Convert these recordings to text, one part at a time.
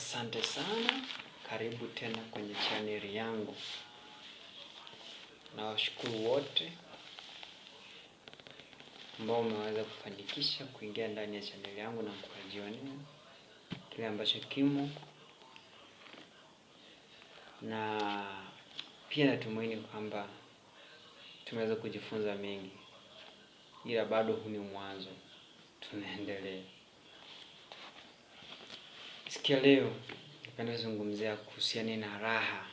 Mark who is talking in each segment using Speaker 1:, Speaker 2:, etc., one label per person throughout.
Speaker 1: Asante sana, karibu tena kwenye chaneli yangu. Nawashukuru wote ambao umeweza kufanikisha kuingia ndani ya chaneli yangu na mkajionea kile ambacho kimo, na pia natumaini kwamba tumeweza kujifunza mengi, ila bado huu ni mwanzo, tunaendelea ya leo napenda kuzungumzia kuhusiana na raha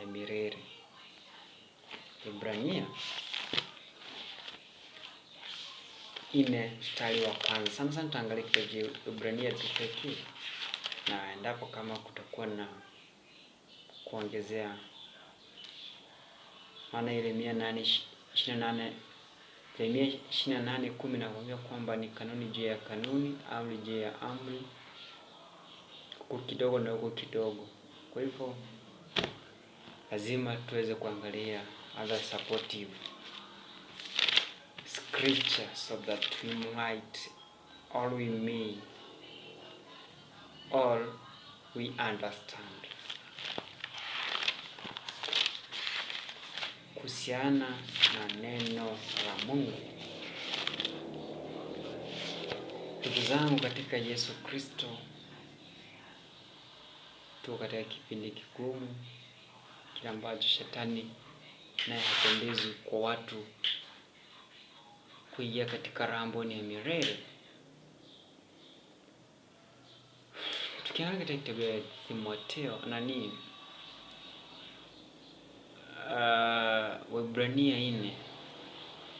Speaker 1: ya milele. Ibrania ine mstari wa kwanza. Sana sana tutaangalia kitabu Ibrania tu pekee, na endapo kama kutakuwa na kuongezea, maana Yeremia nane ishirini na nane Yeremia ishirini na nane kumi na kwamba ni kanuni juu ya kanuni, amri juu ya amri huku kidogo na huku kidogo. Kwa hivyo lazima tuweze kuangalia other supportive scripture so that we might all we may all we understand kuhusiana na neno la Mungu. Ndugu zangu katika Yesu Kristo tuko katika kipindi kigumu, kile ambacho shetani naye hapendezi kwa watu kuingia katika rambo amboni ya milele. Tukiangalia katika kitabu ya Timotheo nani, uh, Waebrania nne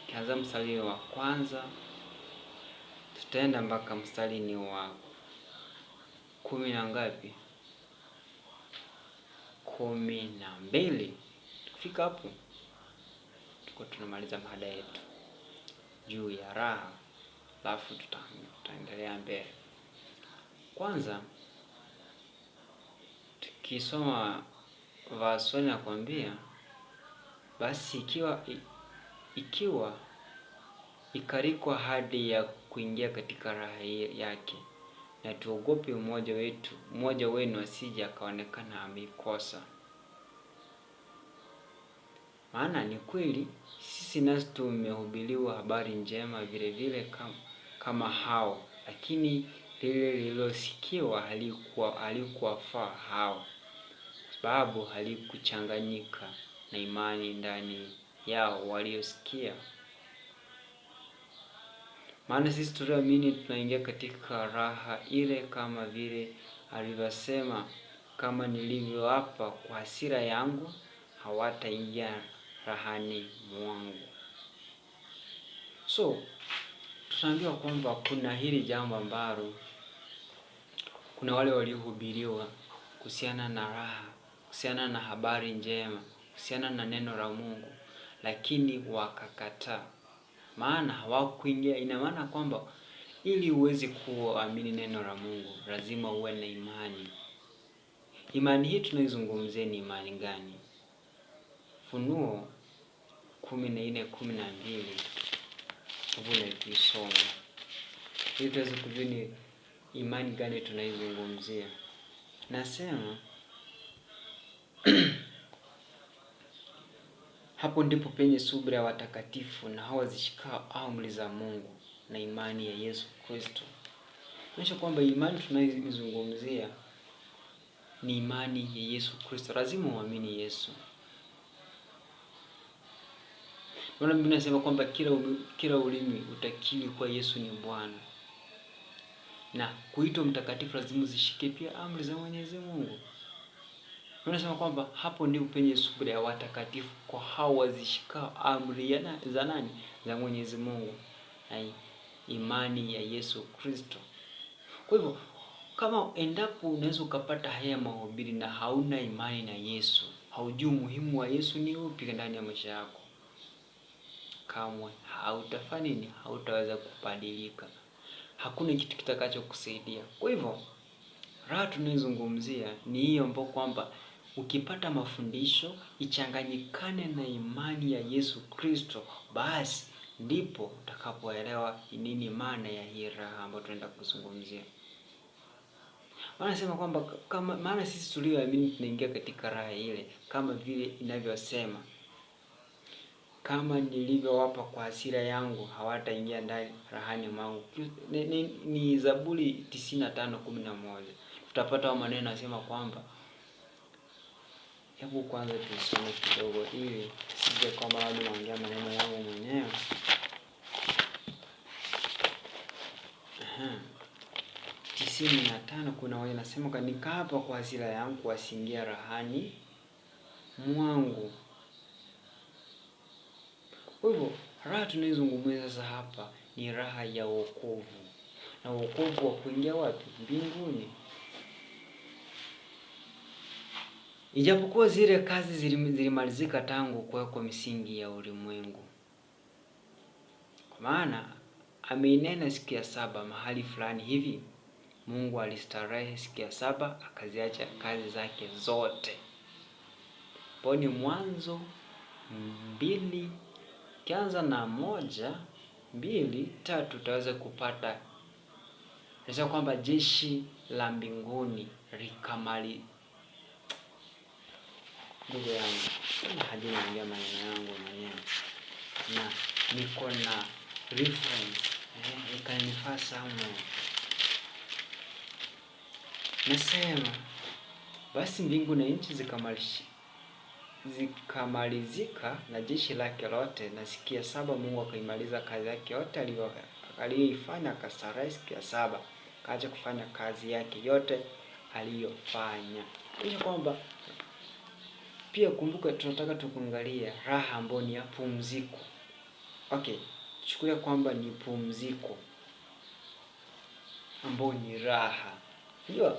Speaker 1: kianza mstari wa kwanza tutaenda mpaka mstari ni wa kumi na ngapi? kumi na mbili. Tukifika hapo, tuko tunamaliza mada yetu juu ya raha, alafu tutaendelea mbele. Kwanza tukisoma vasoni nakwambia, basi ikiwa ikiwa ikarikwa hadi ya kuingia katika raha yake na tuogope mmoja wetu, mmoja wenu asije akaonekana amekosa Maana ni kweli sisi nasi tumehubiriwa habari njema vile vile kama, kama hao, lakini lile lililosikiwa halikuwa halikuwafaa hao, sababu halikuchanganyika na imani ndani yao waliosikia. Maana sisi tulioamini tunaingia katika raha ile, kama vile alivyosema, kama nilivyoapa kwa hasira yangu hawataingia rahani mwangu. So tunaambiwa kwamba kuna hili jambo ambalo kuna wale waliohubiriwa kuhusiana na raha, kuhusiana na habari njema, kuhusiana na neno la Mungu, lakini wakakataa maana hawakuingia. Ina maana kwamba ili uweze kuamini neno la Mungu lazima uwe na imani. Imani hii tunaizungumzia ni imani gani? Funuo kumi na nne kumi na mbili vule tuisoma ili tuweze kujua ni imani gani tunaizungumzia. Nasema Hapo ndipo penye subira ya watakatifu na hawa wazishikao amri za Mungu na imani ya Yesu Kristo. Tunaonyesha kwamba imani tunayoizungumzia ni imani ya Yesu Kristo. Lazima uamini Yesu. Maana Biblia inasema kwamba kila kila ulimi utakiri kuwa Yesu ni Bwana. Na kuitwa mtakatifu lazima zishike pia amri za Mwenyezi Mungu. Unasema kwamba hapo ndipo penye subira ya watakatifu, kwa hao wazishikao amri za nani? Za Mwenyezi Mungu na imani ya Yesu Kristo. Kwa hivyo kama endapo unaweza ukapata haya mahubiri na hauna imani na Yesu, haujui umuhimu wa Yesu ni upi ndani ya maisha yako, kamwe hautafanya Hautaweza kubadilika, hakuna kitu kitakachokusaidia. Kwa hivyo raha tunayozungumzia ni hiyo ambayo kwamba Ukipata mafundisho ichanganyikane na imani ya Yesu Kristo, basi ndipo utakapoelewa nini maana ya hii raha ambayo tunaenda kuzungumzia. sema kwamba kama maana sisi tulioamini tunaingia katika raha ile, kama vile inavyosema, kama nilivyowapa kwa hasira yangu hawataingia ndani rahani mwangu. Ni, ni, ni Zaburi 95:11 tutapata maneno yanasema kwamba Hebu kwanza tusome kidogo, ili sije kwamba labda naongea maneno yangu mwenyewe. tisini na tano kuna wenye nasema nikaapa kwa hasira yangu kuwasingia rahani mwangu. Kwa hivyo raha tunayozungumza sasa hapa ni raha ya wokovu, na wokovu wa kuingia wapi? Mbinguni. Ijapokuwa zile kazi zilimalizika tangu kuwekwa misingi ya ulimwengu. Kwa maana ameinena siku ya saba mahali fulani hivi, Mungu alistarehe siku ya saba akaziacha kazi zake zote. Poni Mwanzo mbili kianza na moja mbili tatu utaweza kupata nasema kwamba jeshi la mbinguni likamali ndugu yangu, kama hajinaongea maneno yangu mwenyewe na niko na reference eh, ikanifaa Nasema basi mbingu na nchi zikamalizika zikamalizika na jeshi lake lote, na siku ya saba Mungu akaimaliza kazi yake yote aliyoifanya. Akastarehe siku ya saba, akaacha kufanya kazi yake yote aliyofanya. Hiyo kwamba pia kumbuka, tunataka tukuangalia raha ambayo ni ya pumziko. Okay, chukulia kwamba ni pumziko ambayo ni raha. Unajua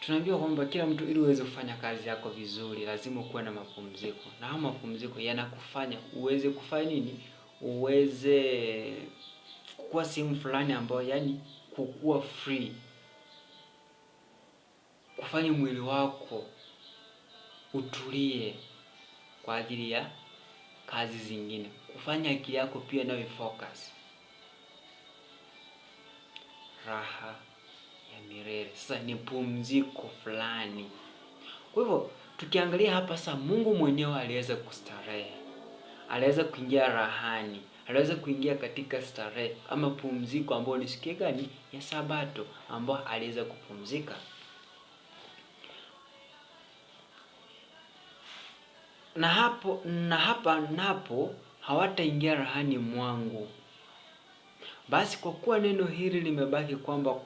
Speaker 1: tunaambiwa kwamba kila mtu, ili uweze kufanya kazi yako vizuri, lazima kuwe na mapumziko, na haya mapumziko yanakufanya uweze kufanya nini? Uweze kukuwa sehemu fulani ambayo, yani kukuwa free, kufanya mwili wako utulie kwa ajili ya kazi zingine, kufanya akili yako pia nawe focus. Raha ya milele sasa ni pumziko fulani. Kwa hivyo tukiangalia hapa sasa, Mungu mwenyewe aliweza kustarehe, aliweza kuingia rahani, aliweza kuingia katika starehe ama pumziko, ambayo ni siku gani? Ya Sabato, ambayo aliweza kupumzika. na hapo na hapa napo hawataingia rahani mwangu. Basi kwa kuwa neno hili limebaki kwamba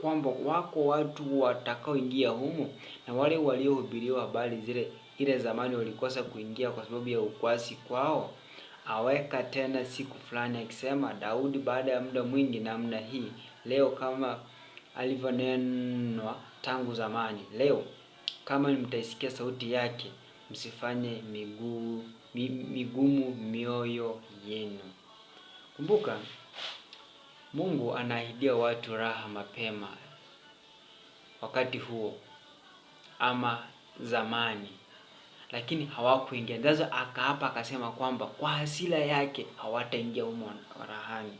Speaker 1: kwamba wako watu watakaoingia humo, na wale waliohubiriwa habari zile ile zamani walikosa kuingia kwa sababu ya ukwasi kwao, aweka tena siku fulani akisema, Daudi baada ya muda mwingi namna hii, leo kama alivyonenwa tangu zamani, leo kama mtaisikia sauti yake msifanye miguu migumu mioyo yenu. Kumbuka, Mungu anaahidia watu raha mapema wakati huo ama zamani, lakini hawakuingia. Ndazo akaapa akasema kwamba kwa hasila yake hawataingia humo rahani.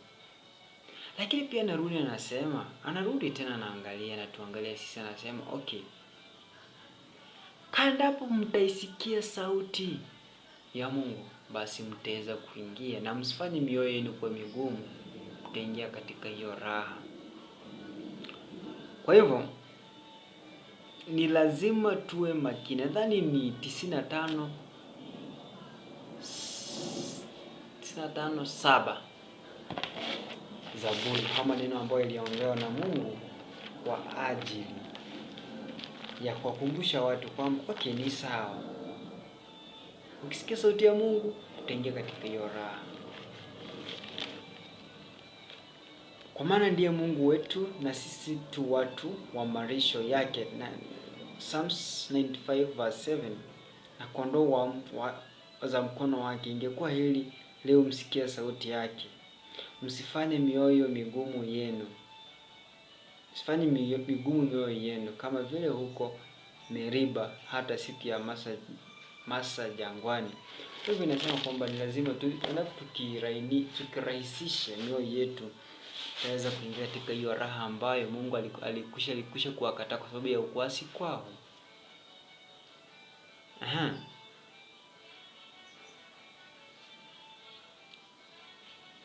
Speaker 1: Lakini pia narudi anasema, anarudi tena, naangalia natuangalia sisi, anasema okay kandapo mtaisikia sauti ya Mungu, basi mtaweza kuingia, na msifanye mioyo yenu kuwa migumu, mtaingia katika hiyo raha. Kwa hivyo ni lazima tuwe makini. Nadhani ni 95 tano saba Zaburi, kama neno ambayo iliongewa na Mungu kwa ajili ya kuwakumbusha watu kwamba okay, ni sawa, ukisikia sauti ya Mungu utaingia katika hiyo raha, kwa maana ndiye Mungu wetu na sisi tu watu wa marisho yake, na Psalms 95 verse 7, na kondoo wa, wa, za mkono wake. Ingekuwa hili leo msikia sauti yake, msifanye mioyo migumu yenu sifanyi migumu mioyo yenu kama vile huko Meriba hata siku ya Masa, Masa jangwani. Kwa hivyo inasema kwamba ni lazima tu tukiraini tukirahisishe mioyo yetu taweza kuingia katika hiyo raha ambayo Mungu alikusha alikusha kuwakataa kwa sababu ya ukwasi kwao. Aha.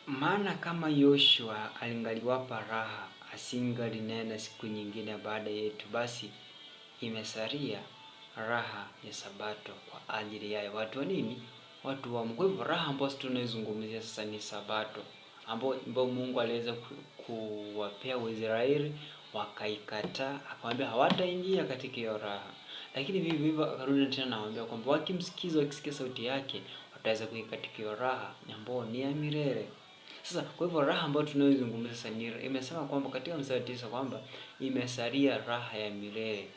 Speaker 1: Maana kama Yoshua alingaliwapa raha asinga siku nyingine baada yetu, basi imesalia raha ya Sabato kwa ajili yayo watu wa nini? Watu wa Mungu. Kwa hivyo raha ambayo tunaizungumzia sasa ni Sabato ambayo Mungu aliweza kuwapea Waisraeli wakaikataa, akamwambia hawataingia katika hiyo raha. Lakini vivyo hivyo akarudi tena nawaambia kwamba wakimsikiza, wakisikia sauti yake wataweza katika hiyo raha ambayo ni ya milele. Sasa kwa hivyo raha ambayo tunayozungumza sasa imesema kwamba katika mstari tisa kwamba imesalia raha ya milele,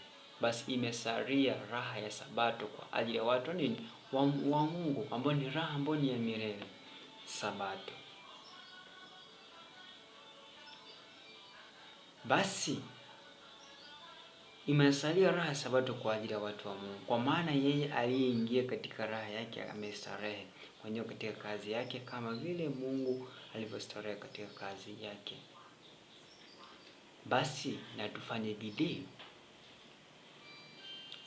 Speaker 1: basi imesalia raha ya Sabato kwa ajili ya watu nini wa, wa Mungu ambao ni raha ambayo ni ya milele Sabato. Basi imesalia raha ya Sabato kwa ajili ya watu wa Mungu, kwa maana yeye aliyeingia katika raha yake amestarehe kwenye katika kazi yake, kama vile Mungu alivyostarehe katika kazi yake. Basi na tufanye bidii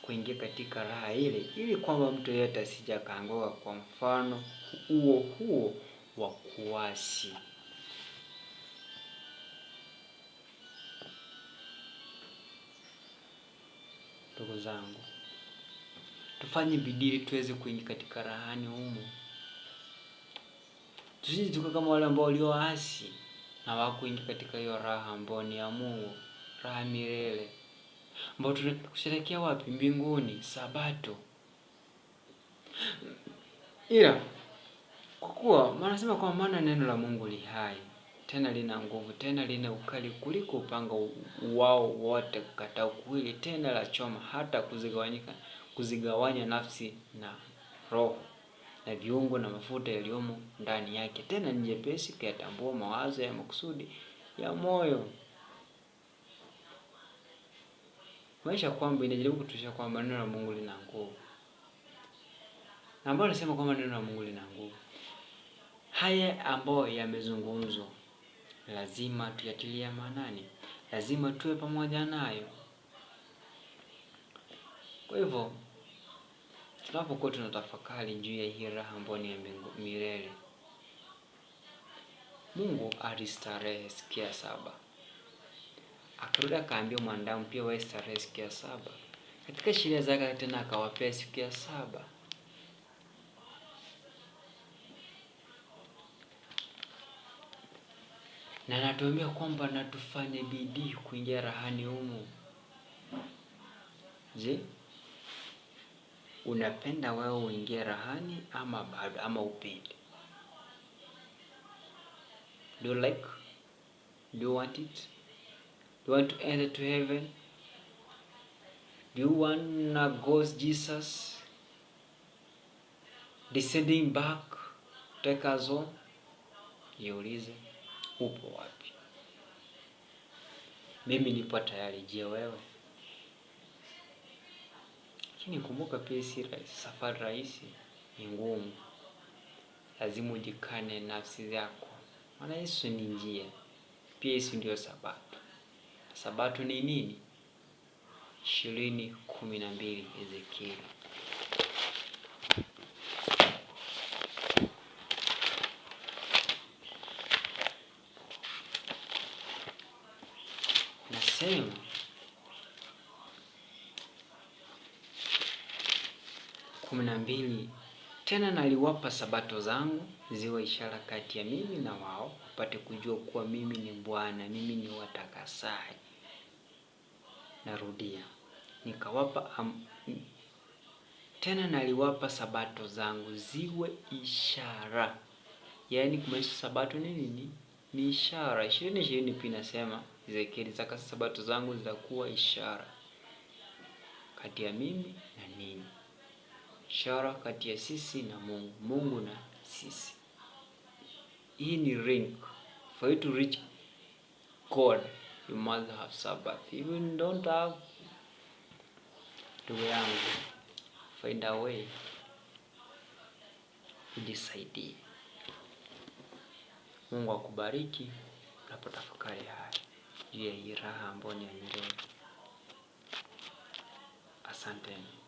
Speaker 1: kuingia katika raha ile, ili kwamba mtu yeyote asija kaanguka kwa mfano huo huo wa kuasi. Ndugu zangu, tufanye bidii tuweze kuingia katika rahani humu. Tusije tuka kama wale ambao walioasi na wakuingia katika hiyo raha ambayo ni ya Mungu, raha milele ambao tunakusherekea wapi? Mbinguni, Sabato. Ila kwa kuwa manasema kwa maana neno la Mungu li hai tena lina nguvu tena lina ukali kuliko upanga wao wote kukata kuwili, tena la choma hata kuzigawanyika kuzigawanya nafsi na roho na viungo na mafuta yaliyomo ndani yake, tena ni jepesi kuyatambua mawazo ya makusudi ya moyo. Maisha kwamba inajaribu kutuonyesha kwamba neno la Mungu lina nguvu, ambayo anasema kwamba neno la Mungu lina nguvu. Haya ambayo yamezungumzwa lazima tuyatilia maanani, lazima tuwe pamoja nayo. Kwa hivyo tunapokuwa tunatafakari juu ya hii raha ambayo ni ya milele. Mungu alistarehe siku ya saba, akarudi akaambia mwanadamu pia wewe starehe siku ya saba, katika sheria zake tena akawapea siku ya saba. na natuambia kwamba natufanye bidii kuingia rahani humu. Je, unapenda wewe uingie rahani ama bado ama upendi? Do you like? Do you want it? Do you want to enter to heaven? Do you wanna go Jesus descending back take us home? Jiulize, upo wapi? Mimi nipo tayari. Je, wewe? Lakini kumbuka pia si safari rahisi, ni ngumu. Lazima ujikane nafsi zako, maana Yesu ni njia, pia Yesu ndiyo Sabato. Sabato ni nini? ishirini kumi na mbili Ezekieli. Nasema kumi na mbili tena naliwapa sabato zangu ziwe ishara kati ya mimi na wao, wapate kujua kuwa mimi ni Bwana, mimi ni watakasaji. Narudia, nikawapa am... tena naliwapa sabato zangu ziwe ishara, yaani kumaanisha sabato ni nini? Ni ishara. ishirini ishirini pia inasema Ezekieli, sabato zangu zitakuwa ishara kati ya mimi na ninyi ishara kati ya sisi na Mungu, Mungu na sisi. Hii ni ring for you to reach God you must have Sabbath. Even don't have ndugu yangu, find a way ujisaidie. Mungu akubariki unapotafakari haya juu ya hii raha ambayo ni ya milele. Asanteni.